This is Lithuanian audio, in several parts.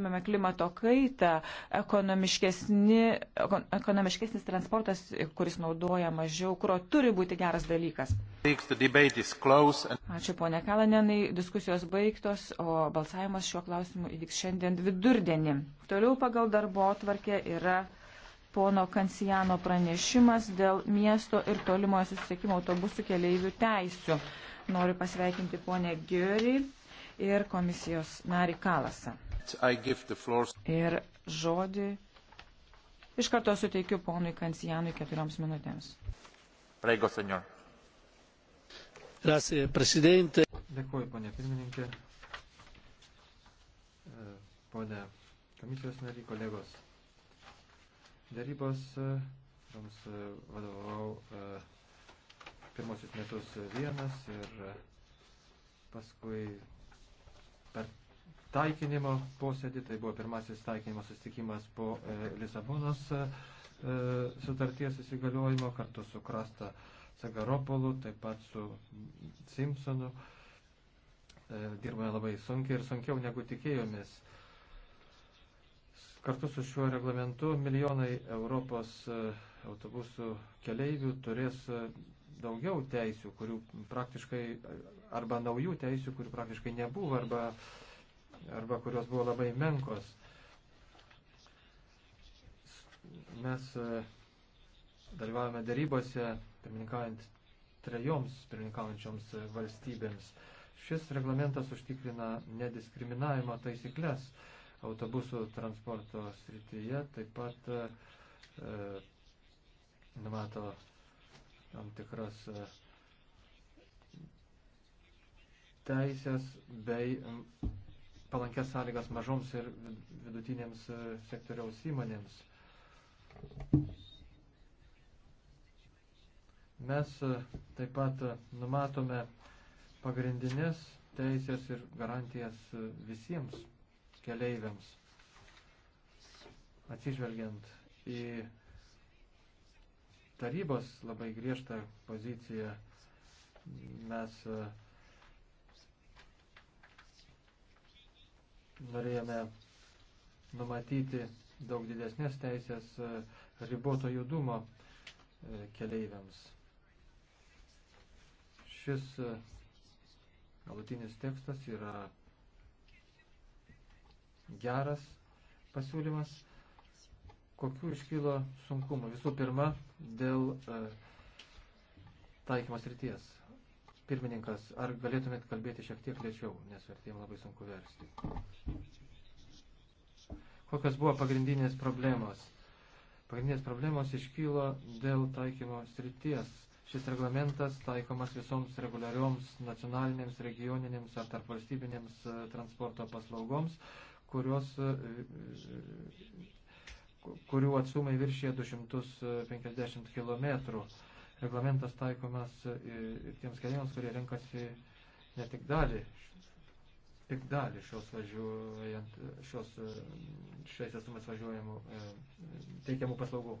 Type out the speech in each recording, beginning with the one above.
Mėme klimato kaitą, ekonomiškesnis transportas, kuris naudoja mažiau kuro, turi būti geras dalykas. Ačiū ponė Kalanenai, diskusijos baigtos, o balsavimas šiuo klausimu įvyks šiandien vidurdienį. Toliau pagal darbo atvarkė yra pono Kancijano pranešimas dėl miesto ir tolimojo susisiekimo autobusų keleivių teisių. Noriu pasveikinti ponę Giurį ir komisijos narį Kalasą. Ir žodį iš karto suteikiu ponui Kancijanui keturioms minutėms. Praigo, senor. Grazie, prezidente. Dėkuoju, ponė pirmininkė. E, Pone komisijos nariai, kolegos. Darybos e, jums e, vadovau pirmosius metus vienas ir paskui taikinimo posėdį. Tai buvo pirmasis taikinimo susitikimas po e, Lisabonos e, e, sutarties įsigaliojimo kartu su Krasta Sagaropolu, taip pat su Simpsonu. E, dirbame labai sunkiai ir sunkiau negu tikėjomės. Kartu su šiuo reglamentu milijonai Europos e, autobusų keleivių turės e, daugiau teisių, kurių praktiškai, arba naujų teisių, kurių praktiškai nebuvo, arba uh, arba kurios buvo labai menkos. Mes e, dalyvavome darybose, pirmininkaujant trejoms pirmininkaujančioms e, valstybėms. Šis reglamentas užtikrina nediskriminavimo taisyklės autobusų transporto srityje, taip pat e, e numato tam tikras e, teisės bei palankės sąlygas mažoms ir vidutinėms e, sektoriaus įmonėms. Mes e, taip pat e, numatome pagrindinės teisės ir garantijas visiems keleiviams, atsižvelgiant į tarybos labai griežtą poziciją mes uh, norėjome numatyti daug didesnės teisės e, riboto judumo e, keleiviams. Šis e, galutinis tekstas yra geras pasiūlymas, kokių iškylo sunkumų. Visų pirma, dėl taikymas ryties. Pirmininkas, ar galėtumėt kalbėti šiek tiek lėčiau, nes vertėjim labai sunku versti. Kokios buvo pagrindinės problemos? Pagrindinės problemos iškylo dėl taikymo srities. Šis reglamentas taikomas visoms reguliarioms nacionalinėms, regioninėms ar tarpvalstybinėms e, transporto paslaugoms, kurios, e, e, kurių atsumai viršė 250 km reglamentas taikomas ir tiems keliams, kurie renkasi ne tik dalį, tik dalį šios, važiuojant, šios šiais atstumas važiuojamų e, teikiamų paslaugų.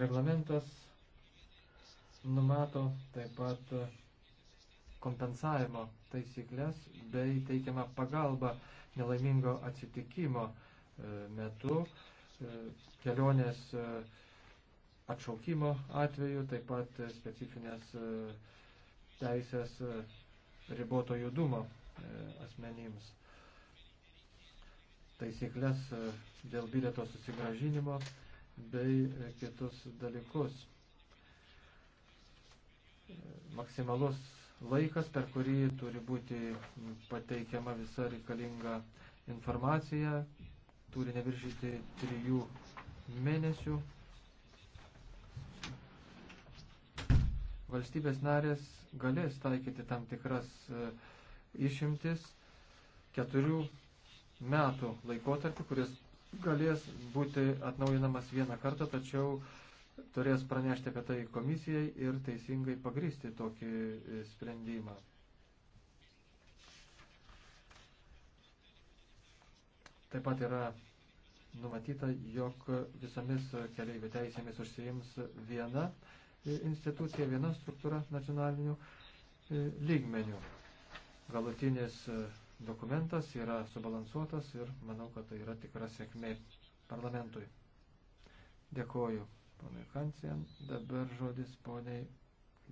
Reglamentas numato taip pat kompensavimo taisyklės bei teikiamą pagalbą nelaimingo atsitikimo e, metu e, kelionės atšaukimo atveju, taip pat specifinės e, teisės e, riboto judumo e, asmenims. Taisyklės dėl bilieto susigražinimo bei kitus dalykus. Maksimalus laikas, per kurį turi būti pateikiama visa reikalinga informacija, turi neviršyti trijų mėnesių valstybės narės galės taikyti tam tikras e, išimtis keturių metų laikotarpį, kuris galės būti atnaujinamas vieną kartą, tačiau turės pranešti apie tai komisijai ir teisingai pagristi tokį e, sprendimą. Taip pat yra numatyta, jog visomis keliaivių teisėmis užsiims viena institucija, viena struktūra nacionalinių e, lygmenių. Galutinis e, dokumentas yra subalansuotas ir manau, kad tai yra tikra sėkmė parlamentui. Dėkoju, ponai Hansien. Dabar žodis poniai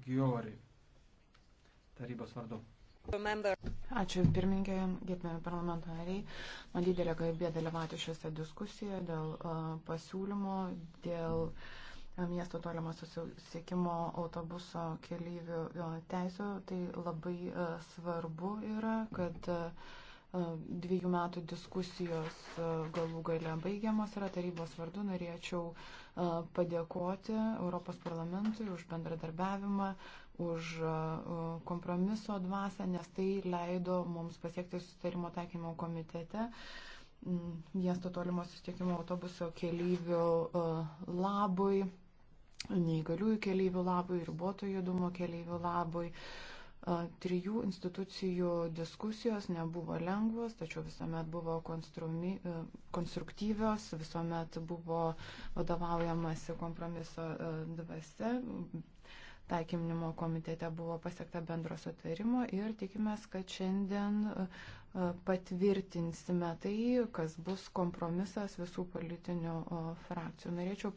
Giori. Tarybos vardu. Ačiū pirmininkė, gerbėmi parlamentariai. Man didelė garbė dalyvauti šiose diskusijoje dėl uh, e, pasiūlymo, dėl uh, miesto tolimo susisiekimo autobuso keleivių teisų. Tai labai e, svarbu yra, kad e, e, dviejų metų diskusijos galų gale baigiamos yra tarybos vardu. Norėčiau padėkoti Europos parlamentui už bendradarbiavimą, už kompromiso dvasę, nes tai leido mums pasiekti susitarimo taikymo komitete mm, miesto tolimo susitikimo autobuso keleivių labui neįgaliųjų keleivių labui, riboto judumo keleivių labui. Trijų institucijų diskusijos nebuvo lengvos, tačiau visuomet buvo e, konstruktyvios, visuomet buvo vadovaujamasi kompromiso e, dvasia, taikyminimo komitete buvo pasiekta bendro sutarimo ir tikimės, kad šiandien e, patvirtinsime tai, kas bus kompromisas visų politinių e, frakcijų. Norėčiau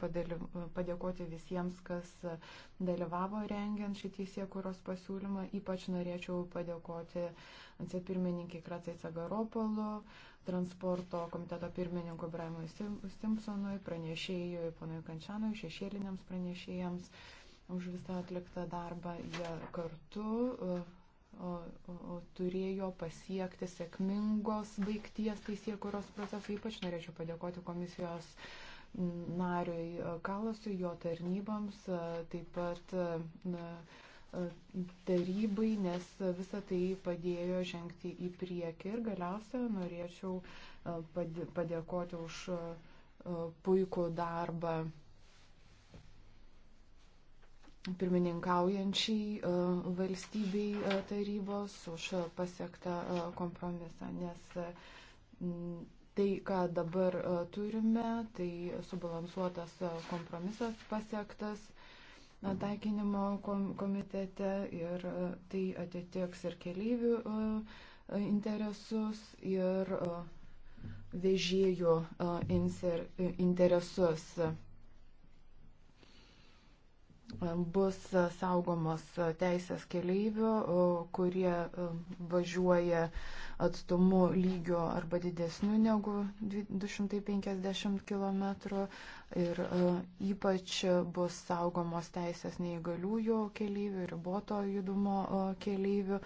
padėkoti visiems, kas dalyvavo rengiant šį teisėkuros pasiūlymą. Ypač norėčiau padėkoti antsipirmininkai Kratsai Cagaropolo, transporto komiteto pirmininkui Braimui Simpsonui, pranešėjui, ponui Kančianui, šešėliniams pranešėjams už visą atliktą darbą. Jie kartu turėjo pasiekti sėkmingos baigties teisėkuros procesą. Ypač norėčiau padėkoti komisijos nariui Kalasui, jo tarnyboms, taip pat tarybai, nes visa tai padėjo žengti į priekį. Ir galiausia norėčiau padėkoti už puikų darbą pirmininkaujančiai e, valstybei e, tarybos už pasiektą e, kompromisą, nes tai, ką dabar turime, tai subalansuotas kompromisas pasiektas taikinimo komitete ir tai atitiks ir keleivių interesus ir vežėjų interesus bus saugomos teisės keleivių, kurie važiuoja atstumu lygiu arba didesniu negu 250 km ir ypač bus saugomos teisės neįgaliųjų keleivių, riboto judumo keleivių.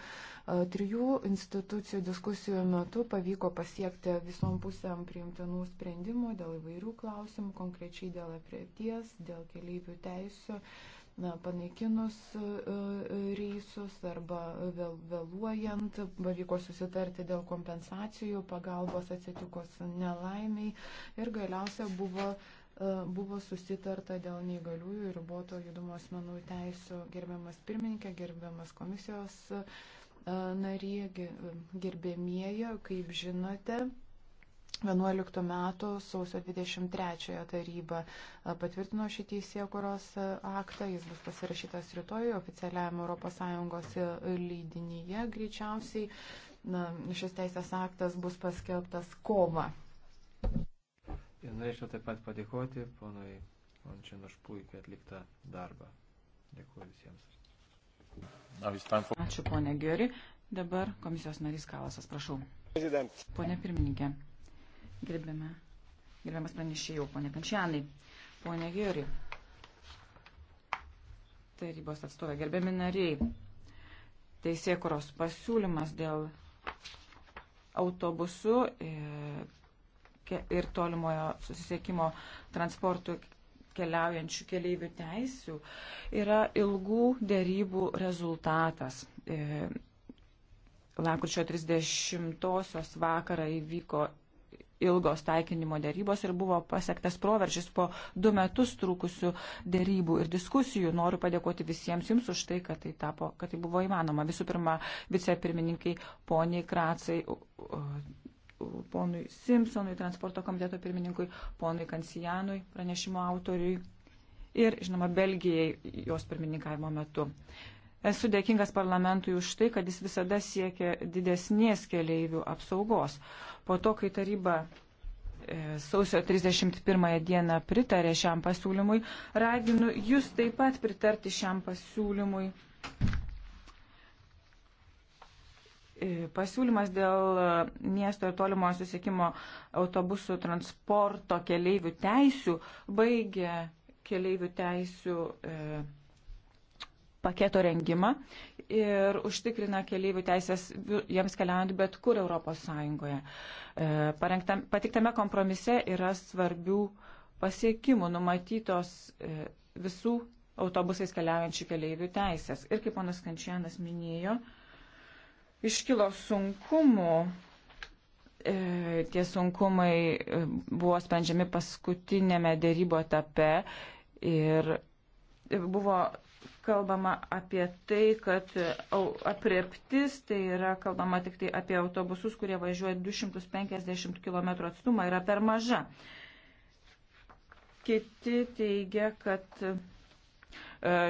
Trijų institucijų diskusijų metu pavyko pasiekti visom pusėm priimtinų sprendimų dėl įvairių klausimų, konkrečiai dėl aprėties, dėl keleivių teisų na, panaikinus e, e, reisus arba vėl, vėluojant, pavyko susitarti dėl kompensacijų, pagalbos atsitikus nelaimiai ir galiausia buvo, e, buvo susitarta dėl neįgaliųjų ir riboto judumo asmenų teisų. Gerbiamas pirmininkė, gerbiamas komisijos narė, gerbėmėja, kaip žinote. 11 metų sausio 23 taryba patvirtino šį teisėkuros aktą, jis bus pasirašytas rytoj oficialiam ES e, leidinyje greičiausiai. Na, šis teisės aktas bus paskelbtas kovą. Ir norėčiau taip pat padėkoti ponui Ončin už puikiai atliktą darbą. Dėkuoju visiems. Ačiū ponė Geri. Dabar komisijos narys Kalasas, prašau. Pone pirmininkė. Gerbėme. Gerbiamas pranešėjau, ponė Kančianai, ponė Giori, tarybos atstovė, gerbiami nariai, teisėkuros pasiūlymas dėl autobusų ir tolimojo susisiekimo transportų keliaujančių keleivių teisių yra ilgų dėrybų rezultatas. E, Lakrčio 30-osios vakarą įvyko ilgos taikinimo dėrybos ir buvo pasiektas proveržis po du metus trūkusių dėrybų ir diskusijų. Noriu padėkoti visiems jums už tai, kad tai, tapo, kad tai buvo įmanoma. Visų pirma, vicepirmininkai poniai Kracai, ponui Simpsonui, transporto komiteto pirmininkui, ponui Kansijanui, pranešimo autoriui ir, žinoma, Belgijai jos pirmininkavimo metu. Esu dėkingas parlamentui už tai, kad jis visada siekia didesnės keleivių apsaugos. Po to, kai taryba e, sausio 31 dieną pritarė šiam pasiūlymui, raginu jūs taip pat pritarti šiam pasiūlymui. E, pasiūlymas dėl miesto ir tolimo susiekimo autobusų transporto keleivių teisių baigė keleivių teisių. E, paketo rengimą ir užtikrina keleivių teisės jiems keliaujant bet kur Europos Sąjungoje. E, Parengtam, patiktame kompromise yra svarbių pasiekimų numatytos e, visų autobusais keliaujančių keleivių teisės. Ir kaip ponas Kančianas minėjo, iškilo sunkumų e, tie sunkumai buvo sprendžiami paskutinėme dėrybo etape ir buvo kalbama apie tai, kad apreptis, tai yra kalbama tik tai apie autobusus, kurie važiuoja 250 km atstumą, yra per maža. Kiti teigia, kad e,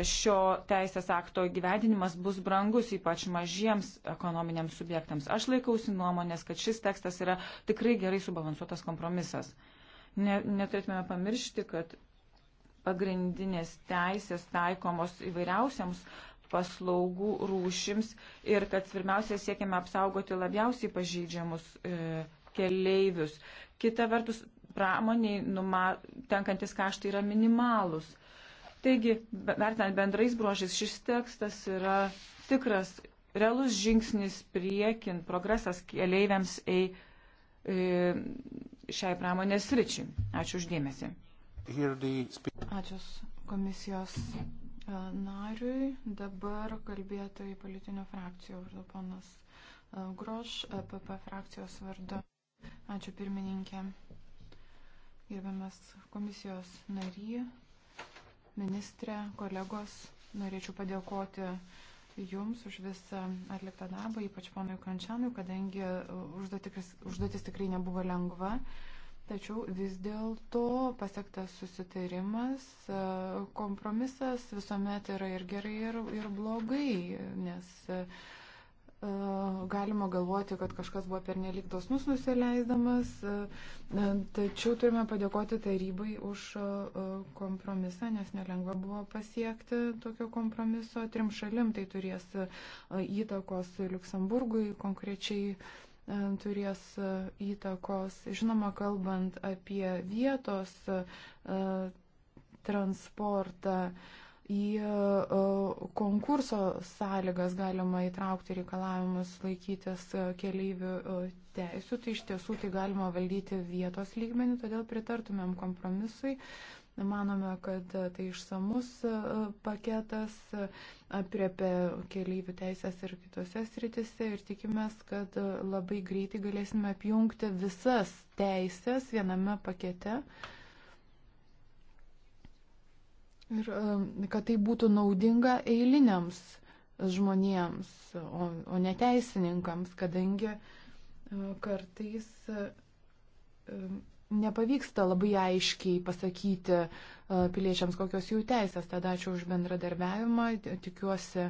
šio teisės akto gyvendinimas bus brangus, ypač mažiems ekonominiams subjektams. Aš laikausi nuomonės, kad šis tekstas yra tikrai gerai subalansuotas kompromisas. Ne, neturėtume pamiršti, kad pagrindinės teisės taikomos įvairiausiams paslaugų rūšims ir kad pirmiausia siekiame apsaugoti labiausiai pažydžiamus e, keleivius. Kita vertus, pramoniai numa, tenkantis kaštai yra minimalus. Taigi, vertinant bendrais bruožais, šis tekstas yra tikras, realus žingsnis priekin, progresas keleiviams ei, e, šiai pramonės ryčiai. Ačiū uždėmesi. Ačiū komisijos e, nariui. Dabar kalbėtojai politinių frakcijų vardu ponas e, Groš, PP e frakcijos vardu. Ačiū pirmininkė. Gerbiamas komisijos nary, ministrė, kolegos, norėčiau padėkoti Jums už visą atliktą darbą, ypač ponui Kančianui, kadangi užduotis, užduotis tikrai nebuvo lengva. Uh, Tačiau vis dėlto pasiektas susitarimas, e, kompromisas visuomet yra ir gerai, ir, ir blogai, nes e, e, galima galvoti, kad kažkas buvo pernelik dosnus nusileisdamas, tačiau turime padėkoti tarybai už kompromisą, nes nelengva buvo pasiekti tokio kompromiso trim šalim, tai turės įtakos Luksemburgui konkrečiai E, turės e, įtakos. Žinoma, kalbant apie vietos e, transportą, į konkurso sąlygas galima įtraukti reikalavimus laikytis keleivių teisų, tai iš tiesų tai galima valdyti vietos lygmenį, todėl pritartumėm kompromisui Manome, kad e, tai išsamus e, paketas e, apriepia keliaivių teisės ir kitose sritise ir tikimės, kad labai greitai galėsime apjungti visas teisės viename pakete. Ir kad tai būtų naudinga eiliniams žmonėms, o, o ne teisininkams, kadangi kartais nepavyksta labai aiškiai pasakyti e, piliečiams, kokios jų teisės. Tad ačiū už bendradarbiavimą. Tikiuosi,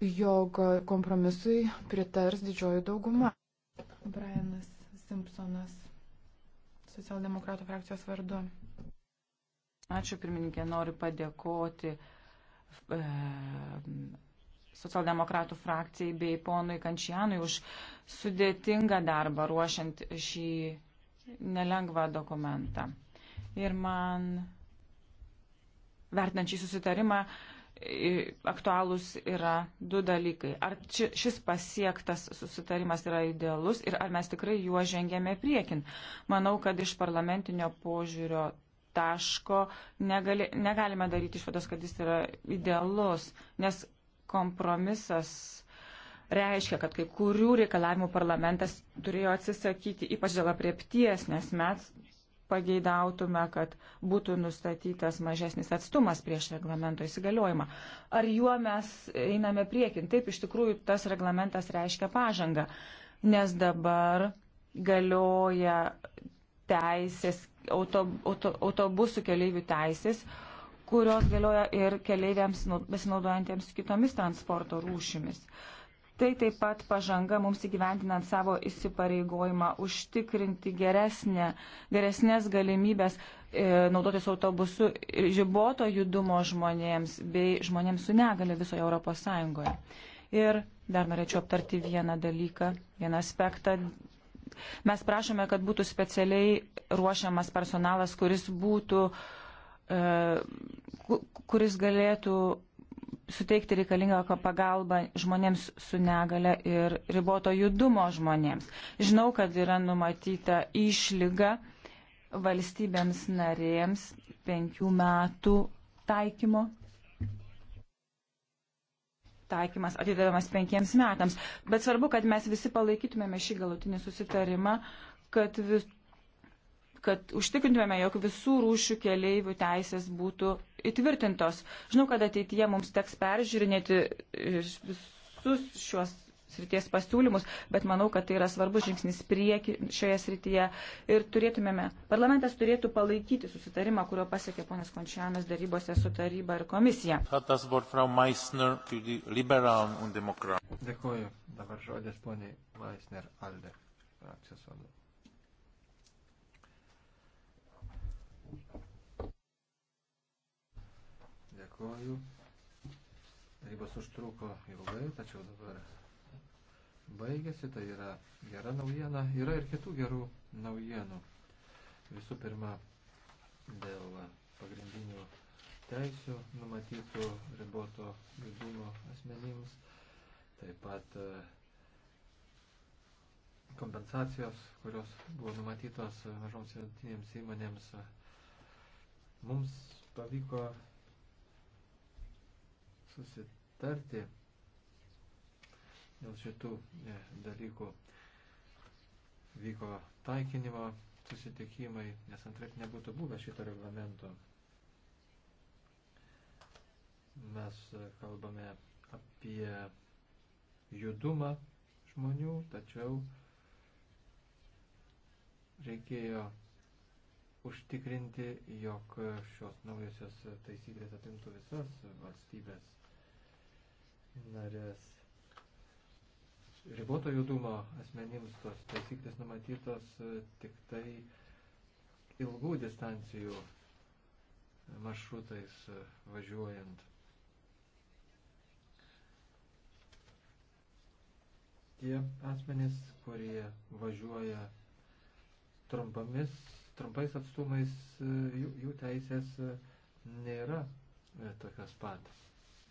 jog kompromisui pritars didžioji dauguma. Brianas Simpsonas, socialdemokratų frakcijos vardu. Ačiū pirmininkė, noriu padėkoti e, socialdemokratų frakcijai bei ponui Kančianui už sudėtingą darbą ruošiant šį nelengvą dokumentą. Ir man vertinant šį susitarimą aktualūs yra du dalykai. Ar šis pasiektas susitarimas yra idealus ir ar mes tikrai juo žengėme priekin. Manau, kad iš parlamentinio požiūrio taško negali, negalime daryti išvados, kad jis yra idealus, nes kompromisas reiškia, kad kai kurių reikalavimų parlamentas turėjo atsisakyti, ypač dėl apriepties, nes mes pageidautume, kad būtų nustatytas mažesnis atstumas prieš reglamento įsigaliojimą. Ar juo mes einame priekin? Taip, iš tikrųjų, tas reglamentas reiškia pažangą, nes dabar galioja teisės, auto, auto, autobusų keliaivių teisės, kurios galioja ir keleiviams besinaudojantiems kitomis transporto rūšimis. Tai taip pat pažanga mums įgyventinant savo įsipareigojimą užtikrinti geresnė, geresnės galimybės e, naudotis autobusu žiboto judumo žmonėms bei žmonėms su negali visoje Europos Sąjungoje. Ir dar norėčiau aptarti vieną dalyką, vieną aspektą mes prašome, kad būtų specialiai ruošiamas personalas, kuris būtų E, kuris galėtų suteikti reikalingą pagalbą žmonėms su negale ir riboto judumo žmonėms. Žinau, kad yra numatyta išlyga valstybėms narėms penkių metų taikymo. Taikymas atidedamas penkiems metams. Bet svarbu, kad mes visi palaikytumėme šį galutinį susitarimą, kad vis, kad užtikrintumėme, jog visų rūšių keleivių teisės būtų įtvirtintos. Žinau, kad ateityje mums teks peržiūrinėti visus šiuos srities pasiūlymus, bet manau, kad tai yra svarbus žingsnis prieki šioje srityje ir turėtumėme, parlamentas turėtų palaikyti susitarimą, kurio pasiekė ponas Končianas darybose su taryba ir komisija. Dėkuoju. Dabar žodis poniai Meisner Alde, frakcijos vadovai. Dėkoju. Darybos užtruko ilgai, tačiau dabar baigėsi, tai yra gera naujiena. Yra ir kitų gerų naujienų. Visų pirma, dėl pagrindinių teisių numatytų riboto judumo asmenims, taip pat e, kompensacijos, kurios buvo numatytos mažoms vidutinėms įmonėms, mums pavyko susitarti dėl šitų e, dalykų. Vyko taikinimo susitikimai, nes antraip nebūtų buvę šito reglamento. Mes kalbame apie judumą žmonių, tačiau reikėjo užtikrinti, jog šios naujosios taisyklės atimtų visas valstybės narės. Riboto judumo asmenims tos taisyklės numatytos e, tik tai ilgų distancijų maršrutais e, važiuojant. Tie asmenys, kurie važiuoja trumpamis, trumpais atstumais, e, jų, jų teisės nėra tokios pat.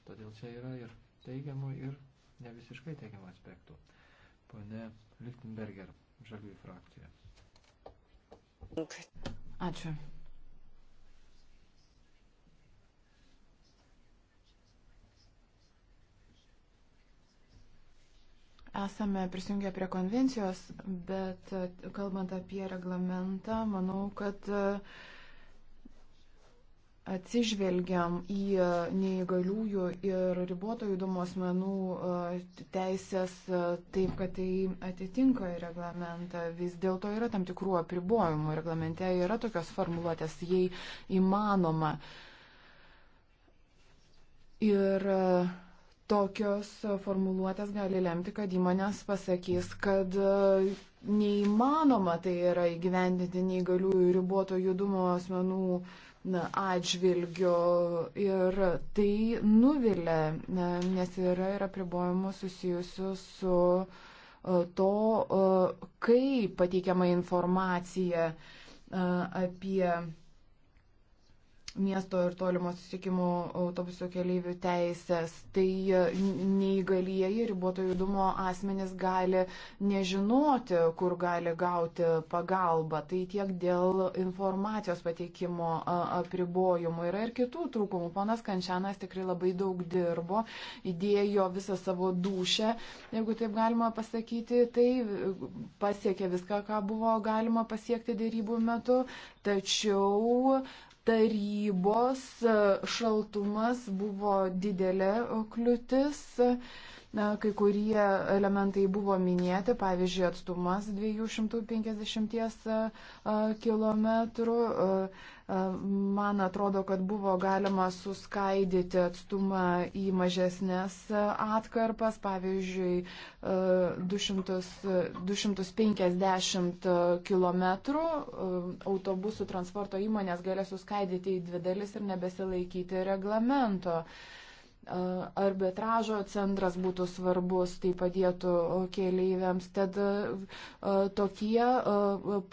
Todėl čia yra ir teigiamų ir ne visiškai teigiamų aspektų. Pone Lichtenberger, žaliųjų frakcija. Ačiū. Esame prisijungę prie konvencijos, bet kalbant apie reglamentą, manau, kad uh, atsižvelgiam į neįgaliųjų ir riboto judumo asmenų e, teisės e, taip, kad tai atitinka reglamentą. Vis dėlto yra tam tikrų apribojimų. Reglamente yra tokios formuluotės, jei įmanoma. Ir e, tokios formuluotės gali lemti, kad įmonės pasakys, kad neįmanoma tai yra įgyvendinti neįgaliųjų riboto judumo asmenų uh, atžvilgiu ir tai nuvilia, nes yra ir apribojimų susijusių su e, to, e, kaip pateikiama informacija e, apie miesto ir tolimo susiekimo autobusų keleivių teisės. Tai e, neįgalieji riboto judumo asmenys gali nežinoti, kur gali gauti pagalbą. Tai tiek dėl informacijos pateikimo apribojimų. Yra ir kitų trūkumų. Ponas Kančianas tikrai labai daug dirbo, įdėjo visą savo dušę, jeigu taip galima pasakyti, tai e, pasiekė viską, ką buvo galima pasiekti dėrybų metu. Tačiau tarybos e, šaltumas buvo didelė e, kliūtis. Na, kai kurie elementai buvo minėti, pavyzdžiui, atstumas 250 e, km, Man atrodo, kad buvo galima suskaidyti atstumą į mažesnės atkarpas, pavyzdžiui, 200, 250 km autobusų transporto įmonės galės suskaidyti į dvi dalis ir nebesilaikyti reglamento. Uh, arbitražo centras būtų svarbus, tai padėtų keleiviams. Tad tokie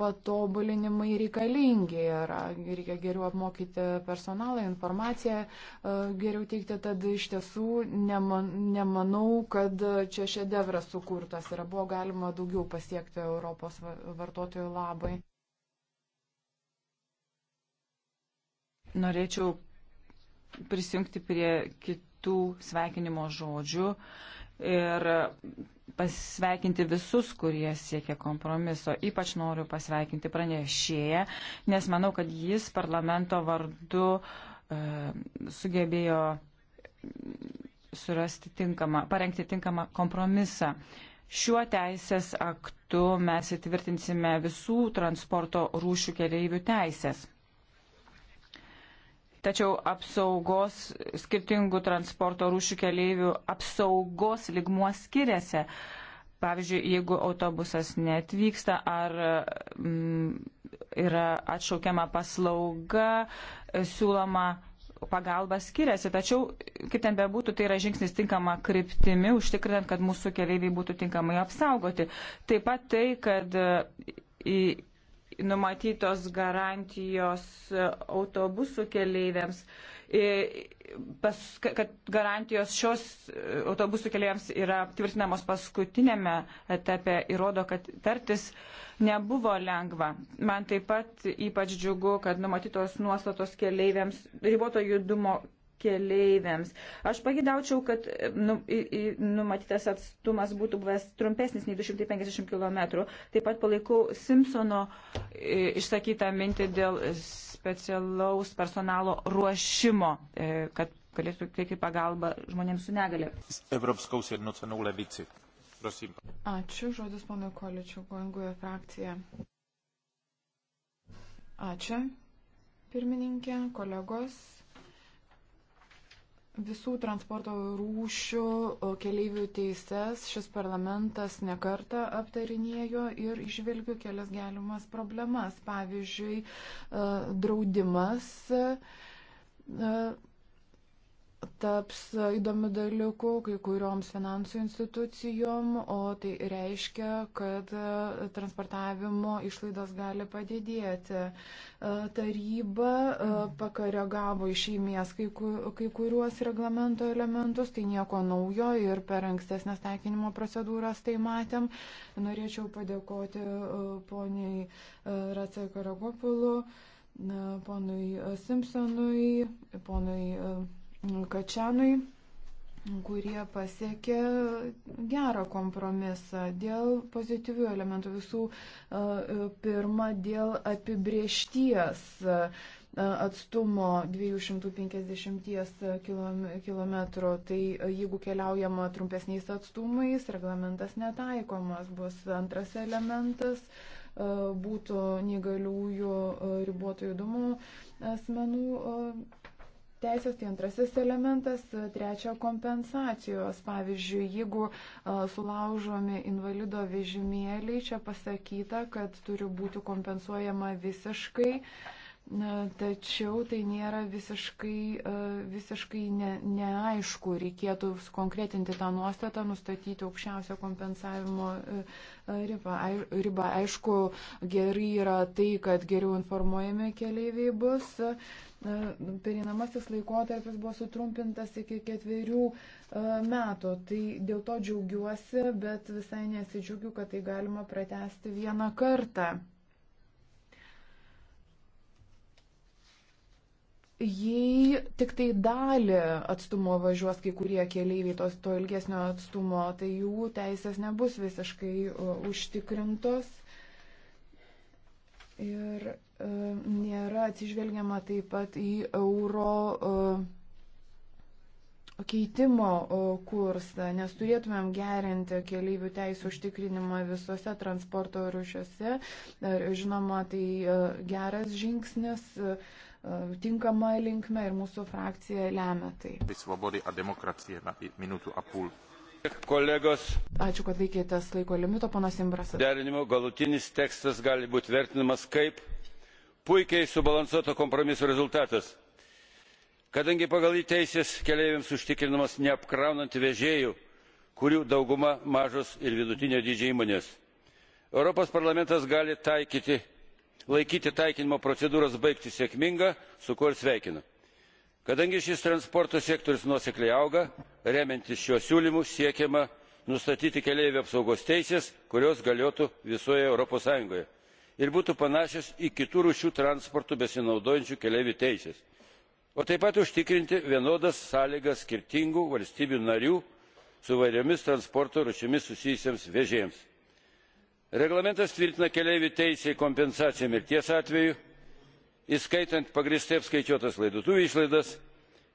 patobulinimai reikalingi yra. Reikia geriau apmokyti personalą, informaciją geriau teikti. Tad iš tiesų neman, nemanau, kad čia šedevras sukurtas yra. Buvo galima daugiau pasiekti Europos vartotojų labai. Norėčiau prisijungti prie kitų tų sveikinimo žodžių ir pasveikinti visus, kurie siekia kompromiso. Ypač noriu pasveikinti pranešėją, nes manau, kad jis parlamento vardu e, sugebėjo surasti tinkamą, parengti tinkamą kompromisą. Šiuo teisės aktu mes įtvirtinsime visų transporto rūšių keleivių teisės. Tačiau apsaugos skirtingų transporto rūšių keleivių apsaugos ligmuo skiriasi. Pavyzdžiui, jeigu autobusas netvyksta ar mm, yra atšaukiama paslauga, siūloma pagalba skiriasi, tačiau, kaip ten bebūtų, tai yra žingsnis tinkama kryptimi, užtikrinant, kad mūsų keliaiviai būtų tinkamai apsaugoti. Taip pat tai, kad į, numatytos garantijos autobusų keleiviams, e, kad garantijos šios autobusų keleiviams yra tvirtinamos paskutinėme etape, įrodo, kad tartis nebuvo lengva. Man taip pat ypač džiugu, kad numatytos nuostatos keleiviams riboto judumo keleiviams. Aš pagidaučiau, kad nu, į, į, numatytas atstumas būtų buvęs trumpesnis nei 250 km. Taip pat palaikau Simpsono išsakytą mintį dėl specialaus personalo ruošimo, kad galėtų teikti pagalbą žmonėms su negale. Europskaus ir nacionalų levici. Prosim. Ačiū, žodis ponui Količiu, Gonguoja frakcija. Ačiū, pirmininkė, kolegos visų transporto rūšių keleivių teises šis parlamentas nekarta aptarinėjo ir išvelgiu kelias galimas problemas. Pavyzdžiui, e, draudimas e, taps įdomiu dalyku kai kurioms finansų institucijom, o tai reiškia, kad e, transportavimo išlaidos gali padidėti. E, taryba e, pakoregavo išėmės kai, kai kuriuos reglamento elementus, tai nieko naujo ir per ankstesnės taikinimo procedūras tai matėm. Norėčiau padėkoti poniai Racekaragopulu, ponui Simpsonui, ponui Kačianui, kurie pasiekė gerą kompromisą dėl pozityvių elementų visų. E, pirma, dėl apibriešties e, atstumo 250 km. Tai e, jeigu keliaujama trumpesniais atstumais, reglamentas netaikomas bus antras elementas būtų negaliųjų ribotojų įdomų asmenų teisės, tai antrasis elementas, trečia kompensacijos. Pavyzdžiui, jeigu sulaužomi invalido vežimėliai, čia pasakyta, kad turi būti kompensuojama visiškai. Uh, tačiau tai nėra visiškai, e, visiškai ne, neaišku. Reikėtų konkretinti tą nuostatą, nustatyti aukščiausią kompensavimo e, e, ribą. ribą. Aišku, gerai yra tai, kad geriau informuojami keliaiviai bus. Perinamasis laikotarpis buvo sutrumpintas iki ketverių metų. Tai dėl to džiaugiuosi, bet visai nesidžiugiu, kad tai galima pratesti vieną kartą. jei tik tai dalį atstumo važiuos kai kurie keleiviai tos, to ilgesnio atstumo, tai jų teisės nebus visiškai užtikrintos. Ir e, nėra atsižvelgiama taip pat į euro e, keitimo e, kursą, nes turėtumėm gerinti keleivių teisų užtikrinimą visose transporto rušiuose. Dar, e, žinoma, tai e, geras žingsnis. E, E, tinkama linkme ir mūsų frakcija lemia tai. Kolegos, Ačiū, kad veikėtės laiko limito, panas Imbrasas. Derinimo galutinis tekstas gali būti vertinamas kaip puikiai subalansuoto kompromiso rezultatas. Kadangi pagal jį teisės keleiviams užtikrinamas neapkraunant vežėjų, kurių dauguma mažos ir vidutinio dydžio įmonės. Europos parlamentas gali taikyti laikyti taikinimo procedūros baigtis sėkminga su kuo ir sveikinu. kadangi šis transporto sektorius nuosekliai auga remiantis šiuo siūlymu siekiama nustatyti keleivių apsaugos teises kurios galiotų visoje europos sąjungoje ir būtų panašios į kitų rūšių transportu besinaudojančių keleivių teises o taip pat užtikrinti vienodas sąlygas skirtingų valstybių narių su įvairiomis transporto rūšimis susijusiems vežėjams reglamentas tvirtina keleivių teisę į kompensaciją mirties atveju įskaitant pagrįstai apskaičiuotas laidotuvių išlaidas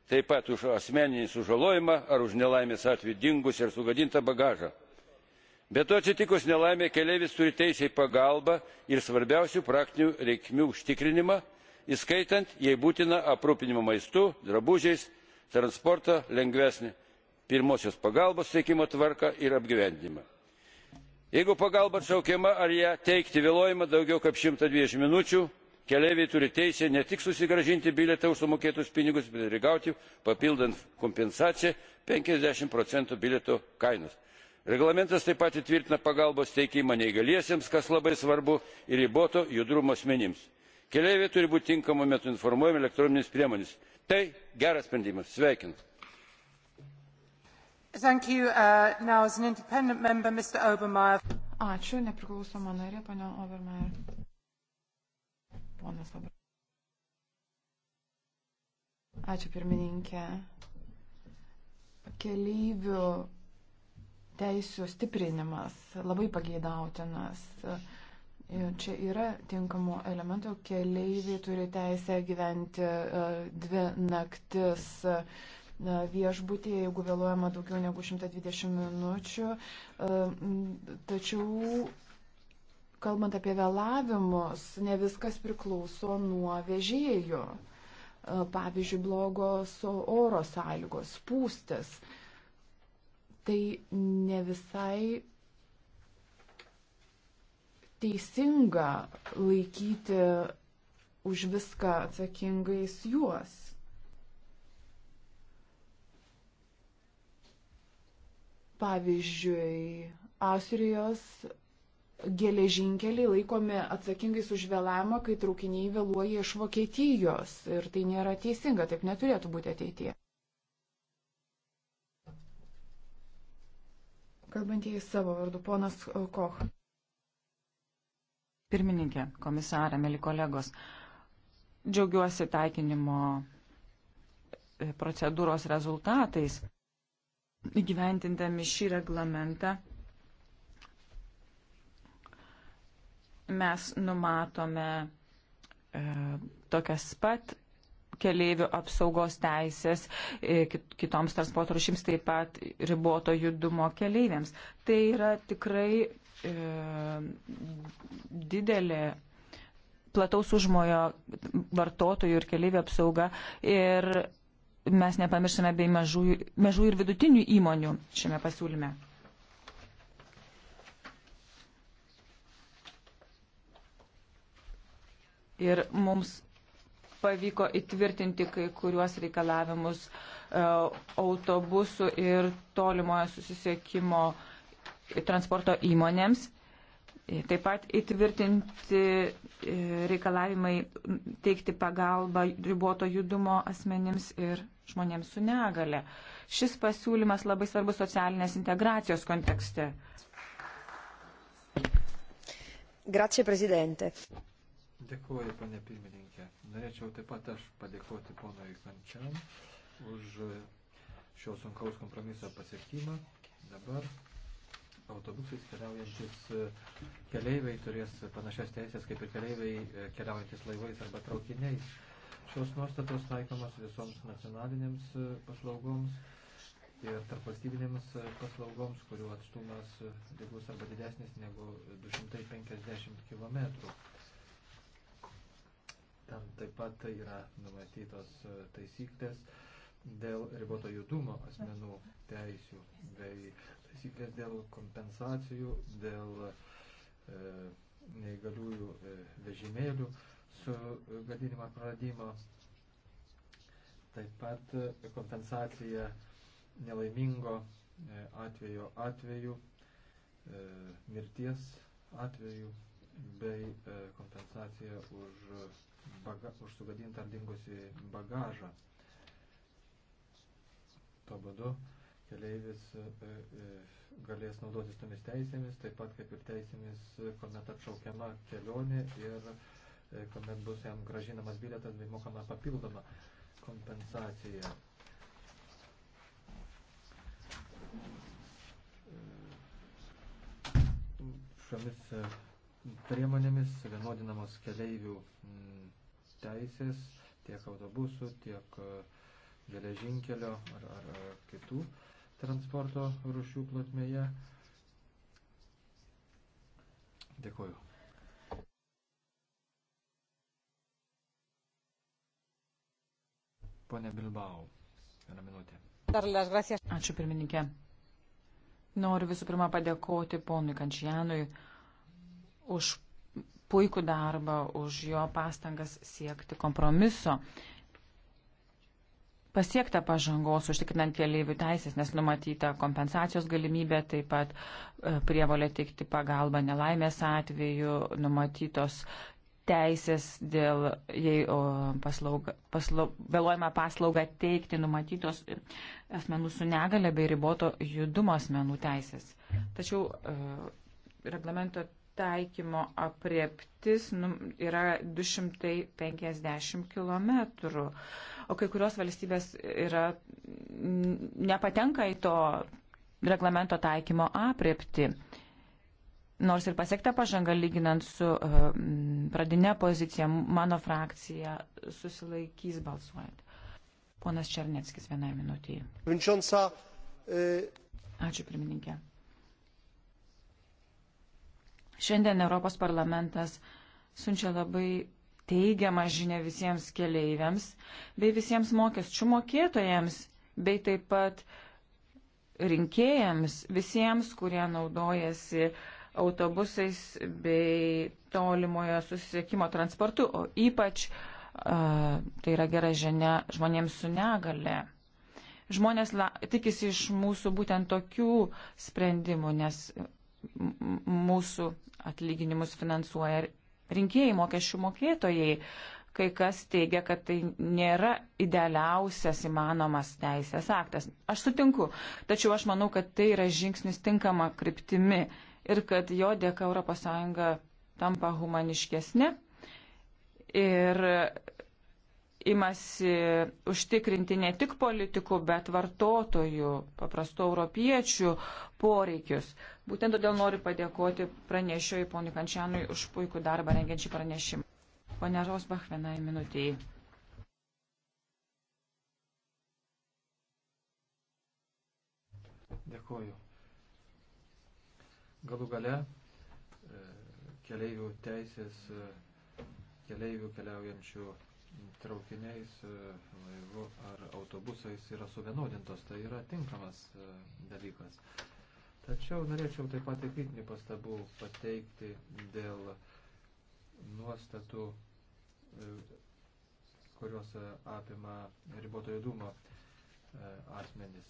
taip pat už asmeninį sužalojimą ar už nelaimės atveju dingusį ar sugadintą bagažą. be to atsitikus nelaimei keleivis turi teisę į pagalbą ir svarbiausių praktinių reikmių užtikrinimą įskaitant jei būtina aprūpinimą maistu drabužiais transportą lengvesnę pirmosios pagalbos teikimo tvarką ir apgyvendinimą jeigu pagalba atšaukiama ar ją teikti vėluojama daugiau kaip šimtas dvidešimt minučių keleiviai turi teisę ne tik susigrąžinti bilietą už sumokėtus pinigus bet ir gauti papildant kompensaciją penkiasdešimt procentų bilieto kainos. reglamentas taip pat įtvirtina pagalbos teikimą neįgaliesiems kas labai svarbu ir riboto judrumo asmenims. keleiviai turi būti tinkamu metu informuojami elektroninėmis priemonėmis. tai geras sprendimas sveikinu. Thank you. Uh, now as an independent member, Mr. Obermeyer. Ačiū, nepriklausoma narė, panė Obermeyer. Ponas Obermeyer. Ačiū, pirmininkė. Keleivių teisų stiprinimas labai pageidautinas. Čia yra tinkamų elementų. Keleiviai turi teisę gyventi uh, dvi naktis viešbutį, jeigu vėluojama daugiau negu 120 minučių. E, tačiau, kalbant apie vėlavimus, ne viskas priklauso nuo vežėjų. E, pavyzdžiui, blogos oro sąlygos, spūstis. Tai ne visai teisinga laikyti už viską atsakingais juos. Pavyzdžiui, Asirijos geležinkeliai laikomi atsakingais už vėlavimą, kai traukiniai vėluoja iš Vokietijos. Ir tai nėra teisinga, taip neturėtų būti ateityje. Kalbantieji savo vardu, ponas Koch. Pirmininkė, komisarė, mėly kolegos, džiaugiuosi taikinimo procedūros rezultatais įgyventindami šį reglamentą mes numatome e, tokias pat keleivių apsaugos teisės e, kitoms transporto rušims, taip pat riboto judumo keleiviams. Tai yra tikrai e, didelė plataus užmojo vartotojų ir keleivių apsauga ir mes nepamiršame bei mažų, mažų ir vidutinių įmonių šiame pasiūlyme. Ir mums pavyko įtvirtinti kai kuriuos reikalavimus e, autobusų ir tolimojo susisiekimo transporto įmonėms E, taip pat įtvirtinti e, reikalavimai teikti pagalbą riboto judumo asmenims ir žmonėms su negale. Šis pasiūlymas labai svarbus socialinės integracijos kontekste. Grazie, prezidente. Dėkuoju, panė pirmininkė. Norėčiau taip pat aš padėkoti ponui Kančiam už šio sunkaus kompromiso pasiekimą. Dabar autobusais keliaujančius e, keleiviai turės panašias teisės kaip ir keleiviai e, keliaujantis laivais arba traukiniais. Šios nuostatos taikomos visoms nacionalinėms e, paslaugoms ir tarpvalstybinėms paslaugoms, kurių atstumas lygus arba didesnis negu 250 km. Ten taip pat tai yra numatytos taisyklės dėl riboto judumo asmenų teisių bei taisyklės dėl kompensacijų, dėl e, neįgaliųjų e, vežimėlių su gadinimo praradimo, taip pat e, kompensacija nelaimingo e, atvejo atveju, e, mirties atveju bei e, kompensacija už, baga, už sugadintą ar dingusi bagažą. Tuo būdu e, keleivis e, e, galės naudotis tomis teisėmis, taip pat kaip ir teisėmis, kuomet atšaukiama kelionė ir e, kuomet bus jam gražinamas bilietas bei mokama papildoma kompensacija. Šiomis priemonėmis vienodinamos keleivių teisės tiek autobusų, tiek geležinkelio ar, ar kitų transporto rušių plotmėje. Dėkuoju. Pone Bilbao, vieną minutę. Ačiū pirmininkė. Noriu visų pirma padėkoti ponui Kančianui už puikų darbą, už jo pastangas siekti kompromiso pasiekta pažangos užtikrinant keliaivių teisės, nes numatyta kompensacijos galimybė, taip pat e, prievalė teikti pagalbą nelaimės atveju, numatytos teisės dėl, jei paslauga, paslau, vėluojama paslauga teikti, numatytos asmenų su negale bei riboto judumo asmenų teisės. Tačiau e, reglamento taikymo apriektis yra 250 km o kai kurios valstybės yra, nepatenka į to reglamento taikymo apriepti. Nors ir pasiekta pažanga lyginant su uh, pradinė pozicija, mano frakcija susilaikys balsuojant. Ponas Černeckis vienai minutėje. Ačiū pirmininkė. Šiandien Europos parlamentas siunčia labai teigiamą žinę visiems keleiviams bei visiems mokesčių mokėtojams, bei taip pat rinkėjams, visiems, kurie naudojasi autobusais bei tolimojo susisiekimo transportu, o ypač uh, tai yra gera žinia žmonėms su negale žmonės la, tikisi iš mūsų būtent tokių sprendimų, nes mūsų atlyginimus finansuoja rinkėjai, mokesčių mokėtojai. Kai kas teigia, kad tai nėra idealiausias įmanomas teisės aktas. Aš sutinku, tačiau aš manau, kad tai yra žingsnis tinkama kryptimi ir kad jo dėka ES tampa humaniškesnė ir imasi užtikrinti ne tik politikų, bet vartotojų, paprastų europiečių poreikius. Būtent todėl noriu padėkoti pranešėjui ponui Kančianui už puikų darbą rengiančią pranešimą. Pone Rosbach, vienai minutėjai. Dėkuoju. Galų gale e, keleivių teisės, e, keleivių keliaujančių traukiniais, e, laivu ar autobusais yra suvienodintos. Tai yra tinkamas e, dalykas. Tačiau norėčiau taip pat kritinių pastabų pateikti dėl nuostatų, e, kurios apima riboto judumo asmenys.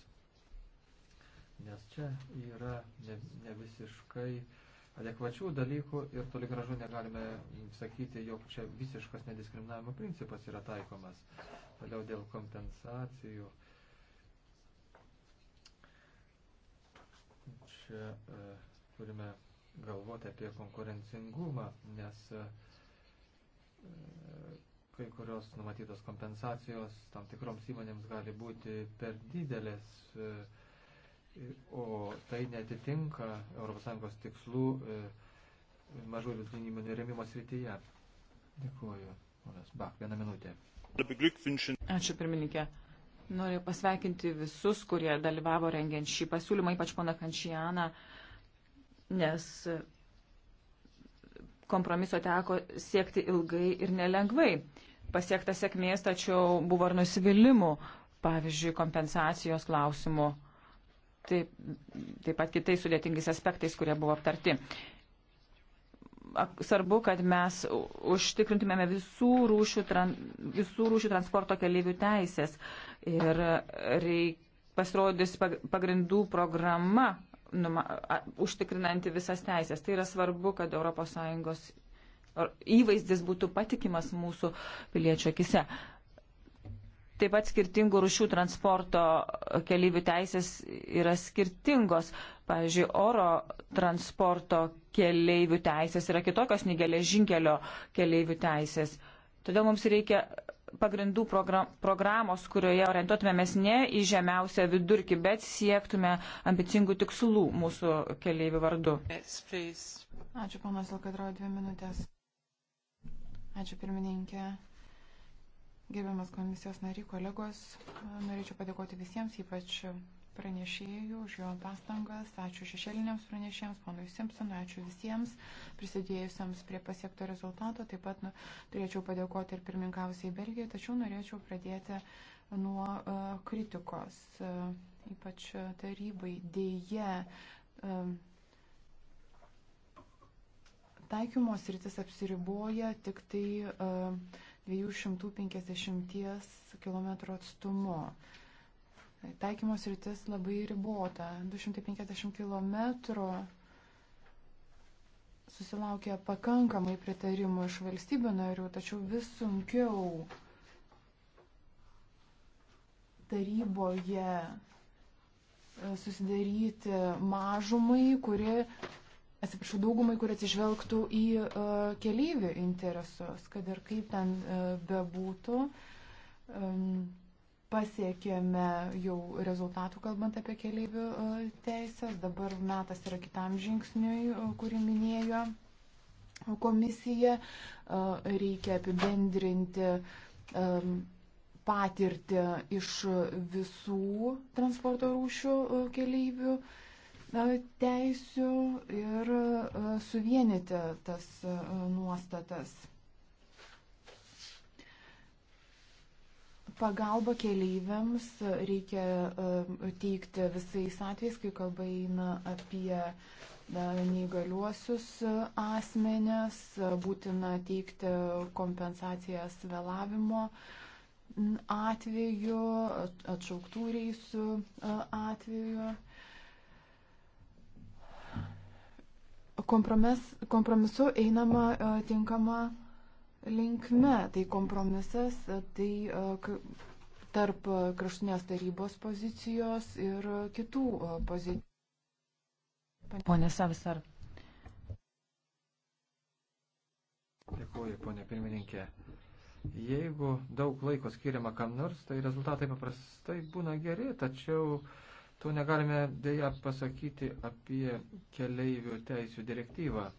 Nes čia yra ne, ne visiškai adekvačių dalykų ir toli gražu negalime sakyti, jog čia visiškas nediskriminavimo principas yra taikomas. Toliau dėl kompensacijų. Čia e, turime galvoti apie konkurencingumą, nes e, kai kurios numatytos kompensacijos tam tikroms įmonėms gali būti per didelės. E, o tai netitinka ES tikslų e, mažų ir vidutinių įmonių remimo srityje. Dėkuoju. Ponas Bak, vieną minutę. Ačiū pirmininkė. Noriu pasveikinti visus, kurie dalyvavo rengiant šį pasiūlymą, ypač pana Kančianą, nes kompromiso teko siekti ilgai ir nelengvai. Pasiekta sėkmės, tačiau buvo ir nusivylimų, pavyzdžiui, kompensacijos klausimų taip, taip pat kitais sudėtingais aspektais, kurie buvo aptarti. Svarbu, kad mes užtikrintumėme visų rūšių, visų rūšių transporto keliaivių teisės ir reik, pasirodys pagrindų programa numa, užtikrinanti visas teisės. Tai yra svarbu, kad ES įvaizdis būtų patikimas mūsų piliečio akise. Uh, Taip pat skirtingų rušių transporto keliaivių teisės yra skirtingos. Pavyzdžiui, oro transporto keliaivių teisės yra kitokios nei geležinkelio keliaivių teisės. Todėl mums reikia pagrindų program, programos, kurioje orientuotumėmės ne į žemiausią vidurkį, bet siektume ambicingų tikslų mūsų keliaivių vardu. Yes, Ačiū, panas Lokadro, dvi minutės. Ačiū, pirmininkė. Gerbiamas komisijos nariai, kolegos, norėčiau padėkoti visiems, ypač pranešėjų už jo pastangas. Ačiū šešėliniams pranešėjams, ponui Simpsonui, ačiū visiems prisidėjusiems prie pasiekto rezultato. Taip pat nu, turėčiau padėkoti ir pirmininkavusiai Belgijai, tačiau norėčiau pradėti nuo uh, kritikos, uh, ypač tarybai dėje. Uh, e, Taikymos rytis apsiriboja tik tai uh, 250 km atstumu. Taikymos rytis labai ribota. 250 km susilaukia pakankamai pritarimų iš valstybių narių, tačiau vis sunkiau taryboje susidaryti mažumai, kuri atsiprašau, daugumai, kur atsižvelgtų į uh, keleivių interesus, kad ir kaip ten uh, bebūtų, um, pasiekėme jau rezultatų, kalbant apie keleivių uh, teisės, dabar metas yra kitam žingsniui, uh, kurį minėjo komisija, uh, reikia apibendrinti um, patirtį iš visų transporto rūšių uh, keleivių. Uh, E, teisių ir e, suvienyti tas e, nuostatas. Pagalba keleiviams reikia teikti visais atvejais, kai kalba eina apie neįgaliuosius asmenės, būtina teikti kompensacijas vėlavimo atveju, atšauktų reisų atveju. kompromis, kompromisu einama e, tinkama linkme. Tai kompromisas e, tai e, tarp kraštinės tarybos pozicijos ir kitų pozicijų. Pone Savisar. Dėkuoju, ponė pirmininkė. Jeigu daug laiko skiriama kam nors, tai rezultatai paprastai būna geri, tačiau uh, To negalime dėja pasakyti apie keleivių teisų direktyvą. E,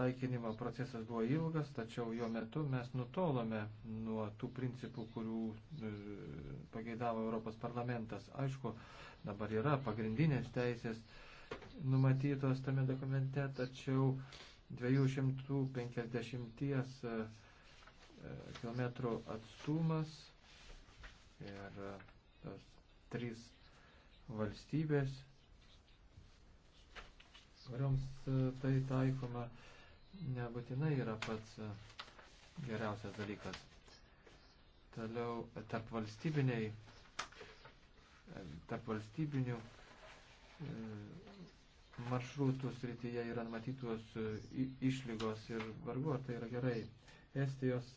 taikinimo procesas buvo ilgas, tačiau jo metu mes nutolome nuo tų principų, kurių e, pageidavo Europos parlamentas. Aišku, dabar yra pagrindinės teisės numatytos tame dokumente, tačiau 250 e, km atstumas ir trys valstybės, kurioms e, tai taikoma, nebūtinai yra pats e, geriausias dalykas. Toliau e, tarp valstybiniai, tarp valstybinių maršrutų srityje yra matytos išlygos ir vargu, ar tai yra gerai. Estijos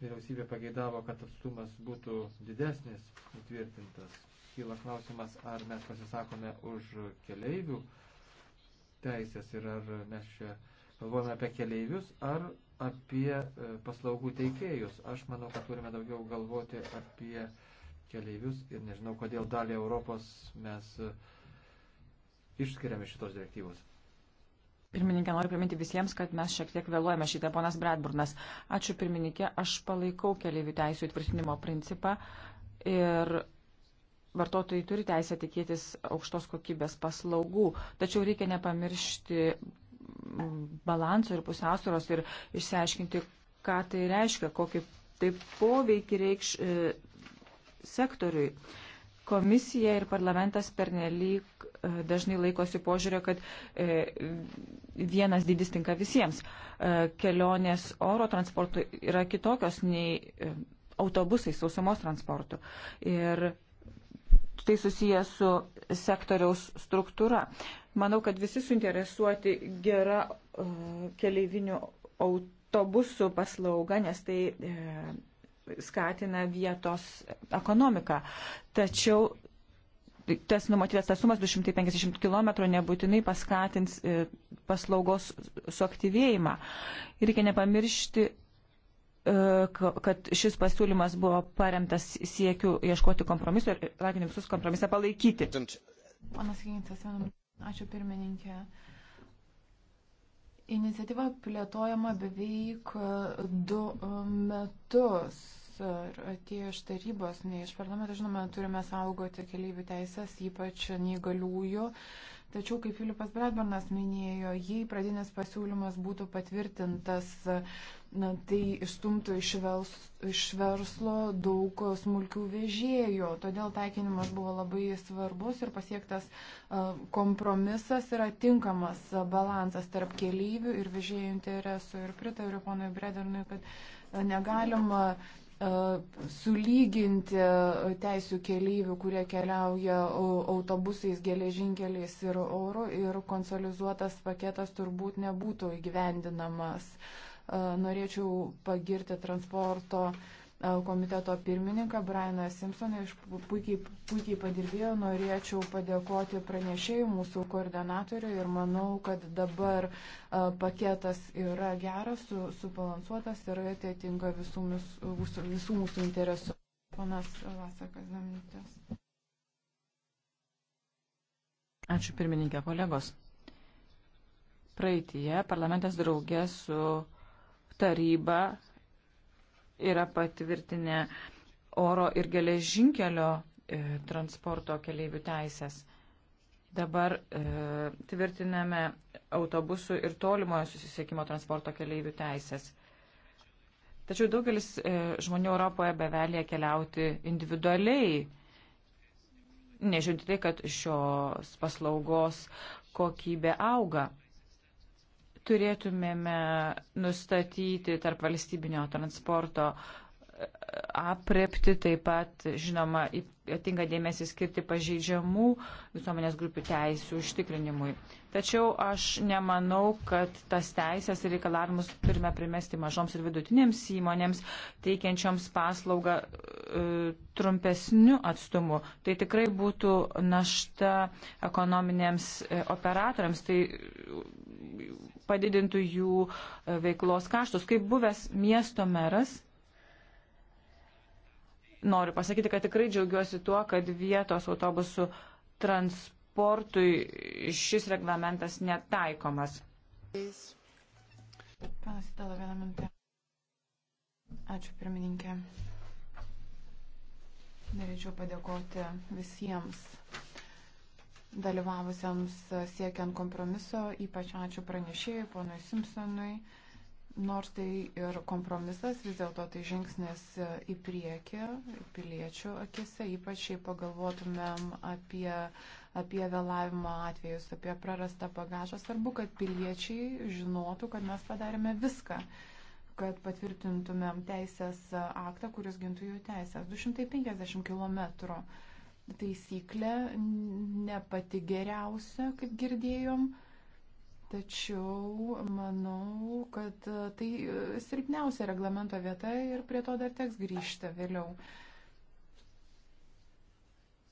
Vyriausybė pageidavo, kad atstumas būtų didesnis įtvirtintas. Kyla klausimas, ar mes pasisakome už keleivių teisės ir ar mes čia galvojame apie keleivius, ar apie e, paslaugų teikėjus. Aš manau, kad turime daugiau galvoti apie keleivius ir nežinau, kodėl dalį Europos mes e, išskiriame šitos direktyvos. Pirmininkė, noriu priminti visiems, kad mes šiek tiek vėluojame šitą ponas Bradburnas. Ačiū pirmininkė, aš palaikau keliaivių teisų įtvirtinimo principą ir vartotojai turi teisę tikėtis aukštos kokybės paslaugų, tačiau reikia nepamiršti balanso ir pusiausvėros ir išsiaiškinti, ką tai reiškia, kokį tai poveikį reikš e, sektoriui. E, Komisija ir parlamentas pernelyg e, dažnai laikosi požiūrio, kad e, vienas dydis tinka visiems. E, kelionės oro transportu yra kitokios nei autobusai sausumos transportu. Ir tai susijęs su sektoriaus struktūra. Manau, kad visi suinteresuoti gera uh, keleivinių autobusų paslauga, nes tai uh, skatina vietos ekonomiką. Tačiau tas numatytas tas sumas 250 km nebūtinai paskatins e, paslaugos suaktyvėjimą. Reikia nepamiršti e, kad šis pasiūlymas buvo paremtas siekiu ieškoti kompromiso ir raginu visus kompromisą palaikyti. Panas Gintas, ačiū pirmininkė. Iniciatyva plėtojama beveik du metus. Ir atėjo iš tarybos, ne iš parlamento, žinoma, turime saugoti keliaivių teisės, ypač neįgaliųjų. Tačiau, kaip Filipas Bradburnas minėjo, jei pradinis pasiūlymas būtų patvirtintas na, tai išstumtų iš, vels, iš verslo daug smulkių vežėjų. Todėl taikinimas buvo labai svarbus ir pasiektas kompromisas yra tinkamas balansas tarp keleivių ir vežėjų interesų. Ir pritariu ponui Bredernui, kad negalima sulyginti teisų keleivių, kurie keliauja autobusais, geležinkeliais ir oru ir konsolizuotas paketas turbūt nebūtų įgyvendinamas. Uh, E, norėčiau pagirti transporto e, komiteto pirmininką Brianą Simpsoną, iš puikiai, puikiai padirbėjo, norėčiau padėkoti pranešėjų mūsų koordinatoriui ir manau, kad dabar e, paketas yra geras, su, subalansuotas ir atitinka visų, mūsų, visų mūsų interesų. Ponas Vasakas Zamnytės. Ačiū pirmininkė kolegos. Praeitie parlamentas draugė su taryba yra patvirtinę oro ir geležinkelio e, transporto keleivių teisės. Dabar e, tvirtiname autobusų ir tolimojo susisiekimo transporto keleivių teisės. Tačiau daugelis e, žmonių Europoje bevelė keliauti individualiai, nežiūrint tai, kad šios paslaugos kokybė auga turėtumėme nustatyti tarp valstybinio transporto e, aprepti, taip pat, žinoma, ypatinga dėmesį skirti pažeidžiamų visuomenės grupių teisų užtikrinimui. Tačiau aš nemanau, kad tas teisės ir reikalavimus turime primesti mažoms ir vidutinėms įmonėms, teikiančioms paslaugą e, trumpesniu atstumu. Tai tikrai būtų našta ekonominėms e, operatoriams. Tai padidintų jų e, veiklos kaštus. Kaip buvęs miesto meras, noriu pasakyti, kad tikrai džiaugiuosi tuo, kad vietos autobusų transportui šis reglamentas netaikomas. Panas Italo, vieną minutę. Ačiū, pirmininkė. Norėčiau padėkoti visiems dalyvavusiems e, siekiant kompromiso, ypač ačiū pranešėjai, ponui Simpsonui. Nors tai ir kompromisas, vis dėlto tai žingsnis e, į priekį piliečių akise, ypač jei pagalvotumėm apie, apie vėlavimo atvejus, apie prarastą bagažą, svarbu, kad piliečiai žinotų, kad mes padarėme viską, kad patvirtintumėm teisės aktą, kuris gintų jų teisės. 250 km taisyklė ne pati geriausia, kaip girdėjom, tačiau manau, kad tai e, silpniausia reglamento vieta ir prie to dar teks grįžti vėliau.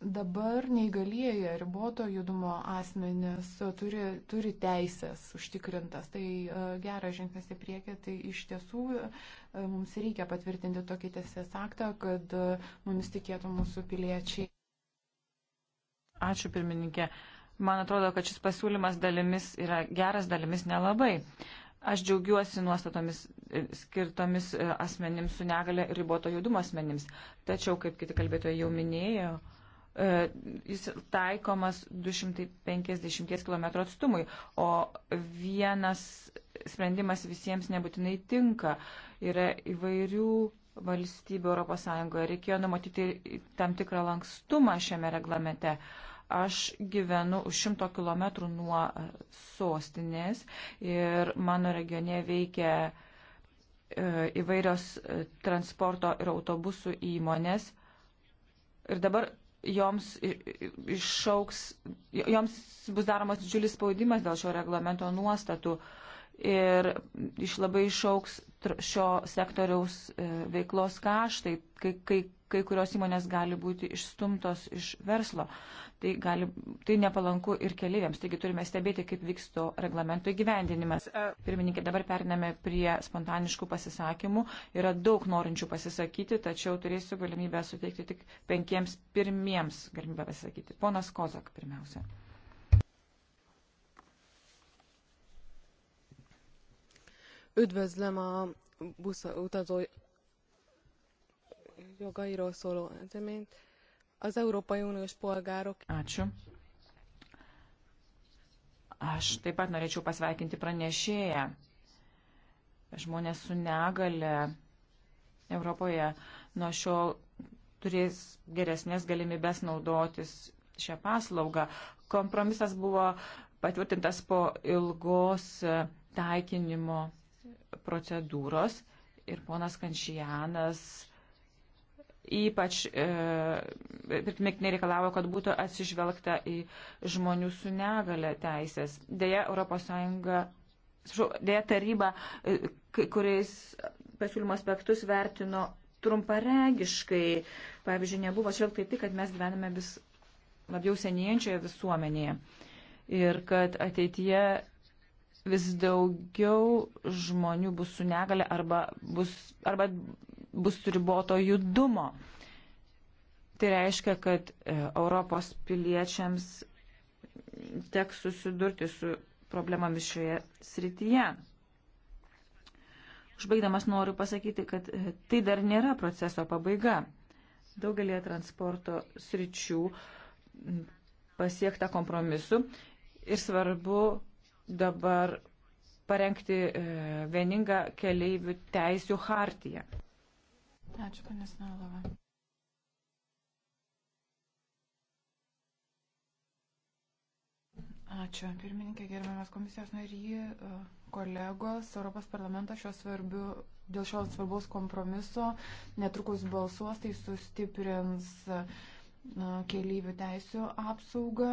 Dabar neįgalieji riboto judumo asmenės turi, turi teisės užtikrintas. Tai e, geras žingsnis į priekį. Tai iš tiesų e, mums reikia patvirtinti tokį teisės aktą, kad mums tikėtų mūsų piliečiai. Ačiū pirmininkė. Man atrodo, kad šis pasiūlymas dalimis yra geras, dalimis nelabai. Aš džiaugiuosi nuostatomis e, skirtomis e, asmenims su negale ir riboto judumo asmenims. Tačiau, kaip kiti kalbėtojai jau minėjo, e, jis taikomas 250 km atstumui, o vienas sprendimas visiems nebūtinai tinka. Yra įvairių valstybių ES. Reikėjo numatyti tam tikrą lankstumą šiame reglamente. Uh, Aš gyvenu už šimto kilometrų nuo sostinės ir mano regione veikia e, įvairios e, transporto ir autobusų įmonės. Ir dabar joms išauks, joms bus daromas didžiulis spaudimas dėl šio reglamento nuostatų ir iš labai išauks šio sektoriaus e, veiklos kaštai, kai, kai, kai kurios įmonės gali būti išstumtos iš verslo tai, gali, tai nepalanku ir keliaiviams. Taigi turime stebėti, kaip vyks to reglamento įgyvendinimas. Pirmininkė, dabar periname prie spontaniškų pasisakymų. Yra daug norinčių pasisakyti, tačiau turėsiu galimybę suteikti tik penkiems pirmiems galimybę pasisakyti. Ponas Kozak pirmiausia. üdvözlöm a buszutazó jogairól szóló eseményt az Európai Uniós polgárok. Ačiū. Aš taip pat norėčiau pasveikinti pranešėją. Žmonės su negale Europoje nuo šiol turės geresnės galimybės naudotis šią paslaugą. Kompromisas buvo patvirtintas po ilgos e, taikinimo procedūros ir ponas Kančianas Ypač e, pirmiknė reikalavo, kad būtų atsižvelgta į žmonių su negale teisės. Deja, ES dėja taryba, e, kuriais pasiūlymo aspektus vertino trumparegiškai. Pavyzdžiui, nebuvo žvelgta į tai, kad mes gyvename vis labiau senėjančioje visuomenėje ir kad ateityje vis daugiau žmonių bus su negale arba, bus, arba bus riboto judumo. Tai reiškia, kad e, Europos piliečiams teks susidurti su problemomis šioje srityje. Užbaigdamas noriu pasakyti, kad e, tai dar nėra proceso pabaiga. Daugelie transporto sričių pasiekta kompromisu ir svarbu dabar parengti e, vieningą keleivių teisių hartiją. Ačiū, panas Nalova. Ačiū, pirmininkė, gerbiamas komisijos nary, e, kolegos, Europos parlamentas šios svarbių, dėl šios svarbaus kompromiso netrukus balsuos, tai sustiprins e, keleivių teisų apsaugą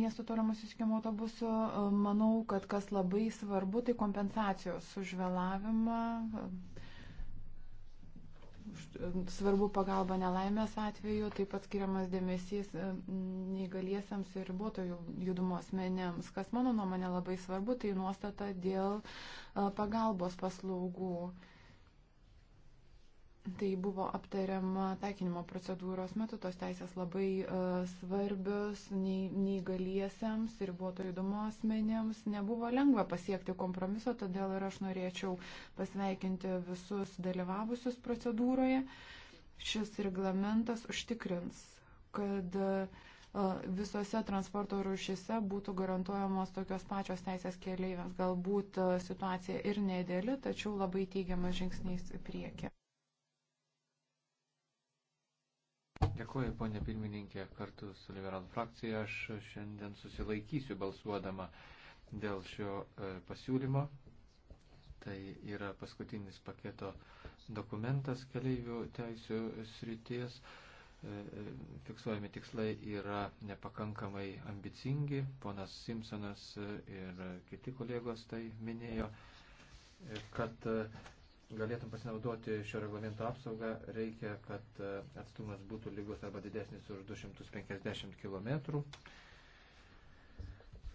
miesto tolimo susikimo autobusu. E, manau, kad kas labai svarbu, tai kompensacijos už vėlavimą, svarbu pagalba nelaimės atveju, taip pat skiriamas dėmesys e, neįgaliesiams ir ribotojų judumo asmenėms, kas mano nuomonė labai svarbu, tai nuostata dėl e, pagalbos paslaugų. Tai buvo aptariama taikinimo procedūros metu, tos teisės labai uh, svarbios neįgaliesiems ir buvo to judumo asmenėms. Nebuvo lengva pasiekti kompromiso, todėl ir aš norėčiau pasveikinti visus dalyvavusius procedūroje. Šis reglamentas užtikrins, kad uh, visose transporto rušise būtų garantuojamos tokios pačios teisės keleiviams. Galbūt e, situacija ir nedėlė, tačiau labai teigiamas žingsnys į priekį. Dėkuoju, ponė pirmininkė, kartu su liberalų frakcija aš šiandien susilaikysiu balsuodama dėl šio e, pasiūlymo. Tai yra paskutinis paketo dokumentas keliaivių teisų srities. E, e, fiksuojami tikslai yra nepakankamai ambicingi. Ponas Simpsonas ir kiti kolegos tai minėjo, kad galėtum pasinaudoti šio reglamento apsaugą, reikia, kad e, atstumas būtų lygus arba didesnis už 250 km.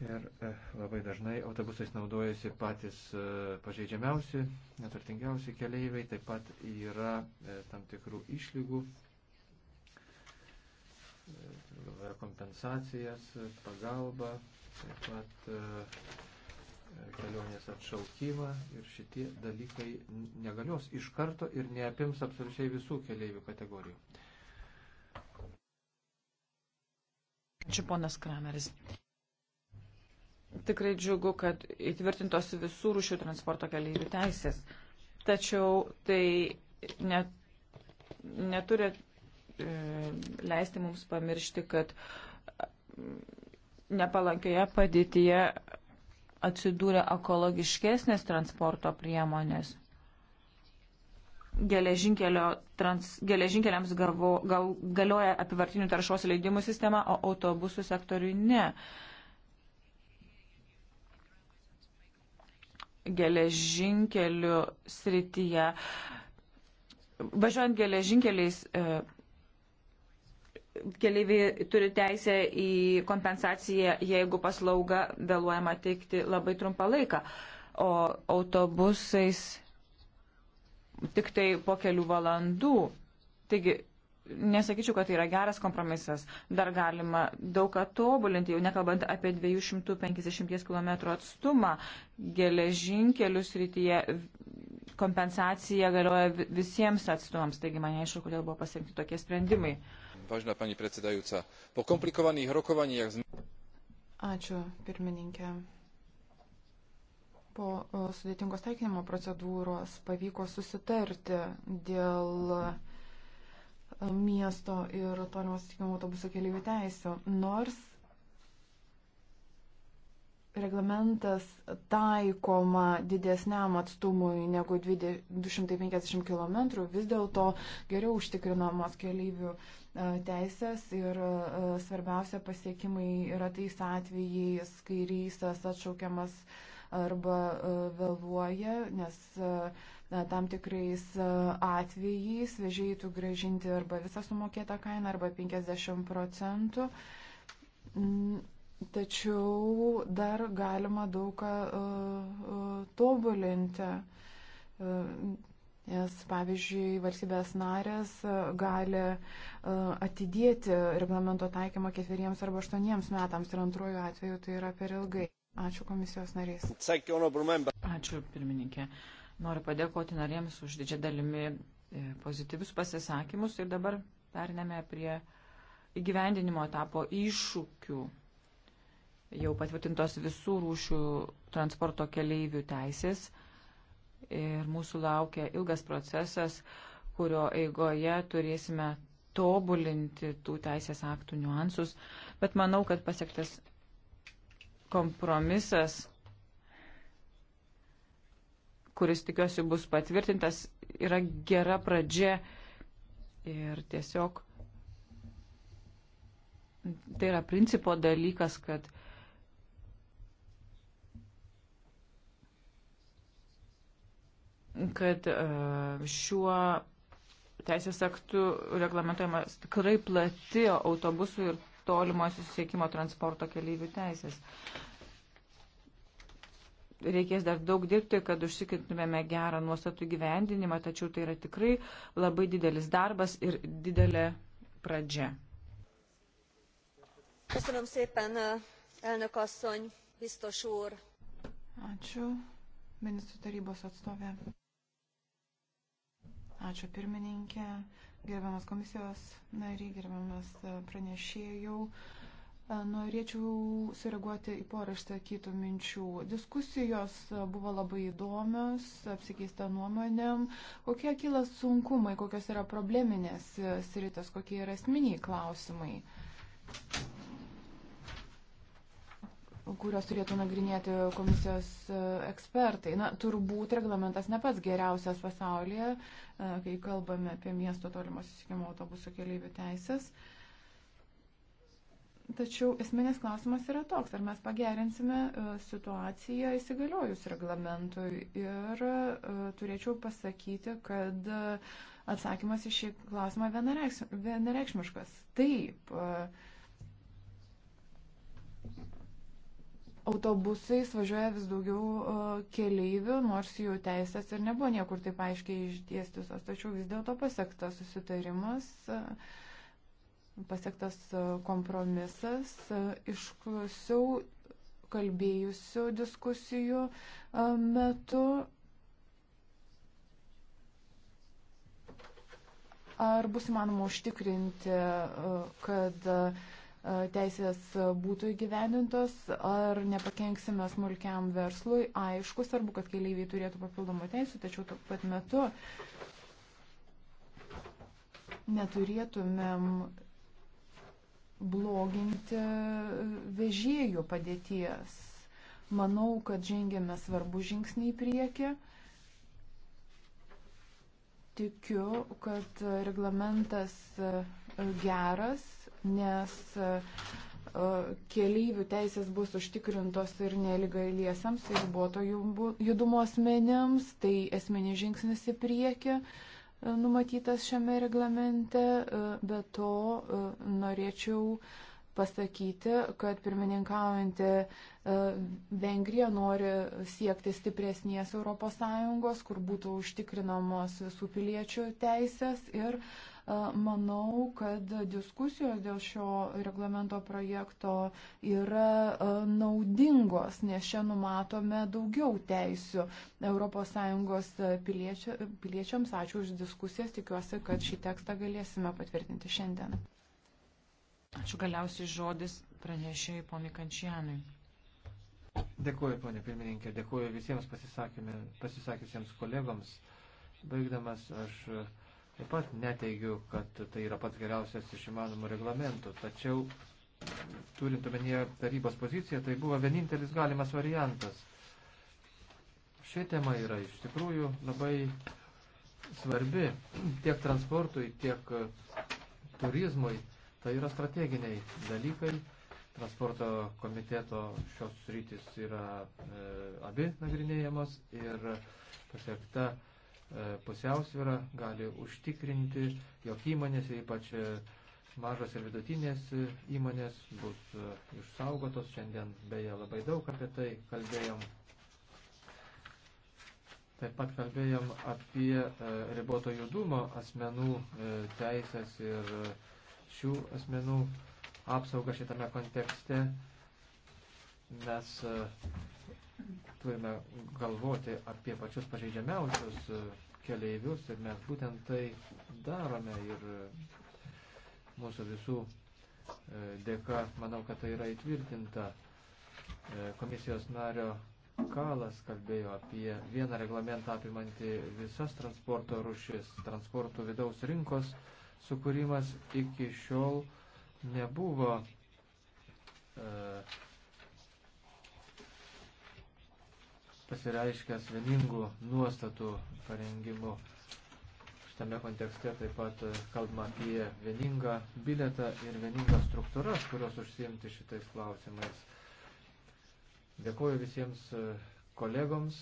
Ir e, labai dažnai autobusais naudojasi patys e, pažeidžiamiausi, neturtingiausi keleiviai, taip pat yra tam tikrų išlygų, tai kompensacijas, pagalba, taip pat kelionės atšaukimą ir šitie dalykai negalios iš karto ir neapims absoliučiai visų keleivių kategorijų. Ačiū ponas Krameris. Tikrai džiugu, kad įtvirtintos visų rūšių transporto keleivių teisės. Tačiau tai net, neturi e, leisti mums pamiršti, kad nepalankioje padėtyje atsidūrė ekologiškesnės transporto priemonės. Trans, geležinkeliams gavo, gal, galioja apivartinių taršos leidimų sistema, o autobusų sektoriui ne. Geležinkelių srityje. Važiuojant geležinkeliais. E, keliaiviai turi teisę į kompensaciją, jeigu paslauga vėluojama teikti labai trumpą laiką, o autobusais tik tai po kelių valandų. Taigi, nesakyčiau, kad tai yra geras kompromisas. Dar galima daug ką tobulinti, jau nekalbant apie 250 km atstumą. Geležinkelių srityje kompensacija galioja visiems atstumams, taigi man neaišku, kodėl buvo pasirinkti tokie sprendimai po komplikovaných rokovaniach. Ačiū, pirmininkė. Po sudėtingos taikinimo procedūros pavyko susitarti dėl e, miesto ir tolimo sutikimo autobuso keliaivių teisų, nors reglamentas taikoma didesniam atstumui negu 250 km, vis dėlto geriau užtikrinamos keliaivių teisės ir svarbiausia pasiekimai yra tais atvejais, kai reisas atšaukiamas arba vėluoja, nes na, tam tikrais atvejais vežėjai tu gražinti arba visą sumokėtą kainą arba 50 procentų. Tačiau dar galima daug ką tobulinti Nes, pavyzdžiui, valstybės narės e, gali e, atidėti reglamento taikymą ketveriems arba aštuoniems metams ir antrojų atveju tai yra per ilgai. Ačiū komisijos narys. Ačiū pirmininkė. Noriu padėkoti narėms už didžią dalimi e, pozityvius pasisakymus ir dabar periname prie įgyvendinimo etapo iššūkių jau patvirtintos visų rūšių transporto keleivių teisės ir mūsų laukia ilgas procesas, kurio eigoje turėsime tobulinti tų teisės aktų niuansus, bet manau, kad pasiektas kompromisas, kuris tikiuosi bus patvirtintas, yra gera pradžia ir tiesiog tai yra principo dalykas, kad kad e, šiuo teisės aktu reglamentojamas tikrai plati autobusų ir tolimo susisiekimo transporto keleivių teisės. Reikės dar daug dirbti, kad užsikrintumėme gerą nuostatų gyvendinimą, tačiau tai yra tikrai labai didelis darbas ir didelė pradžia. Köszönöm szépen, elnök asszony, biztos úr. Ačiū, ministrų tarybos atstovė. Ačiū pirmininkė, gerbiamas komisijos nariai, gerbiamas e, pranešėjau. E, norėčiau sureaguoti į porą išsakytų minčių. Diskusijos e, buvo labai įdomios, apsikeista nuomonėm, kokie kyla sunkumai, kokios yra probleminės sritas, kokie yra esminiai klausimai kurios turėtų nagrinėti komisijos e, ekspertai. Na, turbūt reglamentas ne pats geriausias pasaulyje, e, kai kalbame apie miesto tolimo susikimo autobusų keliaivių teisės. Tačiau esminis klausimas yra toks, ar mes pagerinsime e, situaciją įsigaliojus reglamentui. Ir turėčiau pasakyti, kad atsakymas į šį klausimą vienareikšmiškas. Taip autobusais važiuoja vis daugiau e, keleivių, nors jų teisės ir nebuvo niekur taip aiškiai išdėstytos, tačiau vis dėlto pasiektas susitarimas, e, pasiektas e, kompromisas, išklausiau kalbėjusių diskusijų metu. Ar bus įmanoma užtikrinti, kad uh, teisės būtų įgyvendintos, ar nepakenksime smulkiam verslui, aišku, svarbu, kad keliaiviai turėtų papildomą teisę, tačiau tuo pat metu neturėtumėm bloginti vežėjų padėties. Manau, kad žengėme svarbu žingsnį į priekį. Tikiu, kad reglamentas geras, nes e, e, keleivių teisės bus užtikrintos ir neligaliesiams ribotojų judumo asmenėms, tai esminis žingsnis į priekį e, numatytas šiame reglamente, bet to norėčiau pasakyti, kad pirmininkaujantį Vengrija nori siekti stipresnės ES, kur būtų užtikrinamos visų piliečių teisės ir uh, E, manau, kad diskusijos dėl šio reglamento projekto yra e, naudingos, nes čia numatome daugiau teisių ES piliečia, piliečiams. Ačiū už diskusijas, tikiuosi, kad šį tekstą galėsime patvirtinti šiandien. Ačiū galiausiai žodis pranešėjai ponui Kančianui. Dėkuoju, ponė pirmininkė, dėkuoju visiems pasisakiusiems kolegoms. Baigdamas aš Taip pat neteigiu, kad tai yra pats geriausias iš įmanomų reglamentų, tačiau turint omenyje tarybos poziciją, tai buvo vienintelis galimas variantas. Ši tema yra iš tikrųjų labai svarbi tiek transportui, tiek turizmui. Tai yra strateginiai dalykai. Transporto komiteto šios rytis yra e, abi nagrinėjamos ir pasiekta e, E, pusiausvyrą, gali užtikrinti, jog įmonės, ypač e, mažos ir vidutinės e, įmonės, bus išsaugotos. Šiandien beje labai daug apie tai kalbėjom. Taip pat kalbėjom apie riboto judumo asmenų teisės ir šių asmenų apsaugą šitame kontekste. Mes turime galvoti apie pačius pažeidžiamiausius e, keleivius ir mes būtent tai darome ir e, mūsų visų e, dėka, manau, kad tai yra įtvirtinta. Komisijos nario Kalas kalbėjo apie vieną reglamentą apimantį visas transporto rušis, transporto vidaus rinkos sukūrimas iki šiol nebuvo e, pasireiškęs vieningų nuostatų parengimu. Šitame kontekste taip pat e, kalbama apie vieningą biletą ir vieningą struktūras, kurios užsiimti šitais klausimais. Dėkuoju visiems e, kolegoms,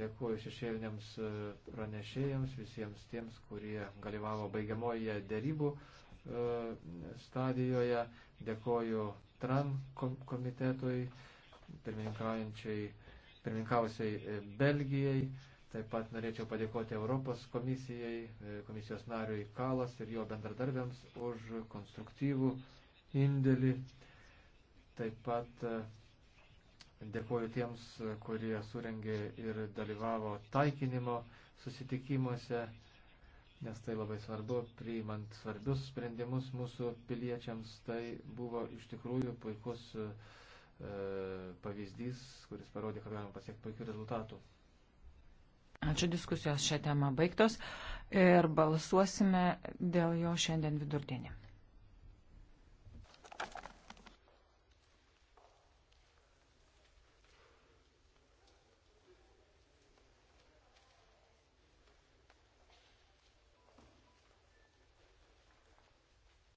dėkuoju šešėliniams e, pranešėjams, visiems tiems, kurie dalyvavo baigiamoje dėrybų stadijoje. Dėkuoju TRAN komitetui, pirmininkaujančiai pirminkausiai e, Belgijai. Taip pat norėčiau padėkoti Europos komisijai, e, komisijos nariui Kalas ir jo bendradarbiams už konstruktyvų indėlį. Taip pat e, dėkoju tiems, kurie surengė ir dalyvavo taikinimo susitikimuose, nes tai labai svarbu, priimant svarbius sprendimus mūsų piliečiams, tai buvo iš tikrųjų puikus E, pavyzdys, kuris parodė, kad galima pasiekti puikių rezultatų. Ačiū diskusijos šią temą baigtos ir balsuosime dėl jo šiandien vidurdienį.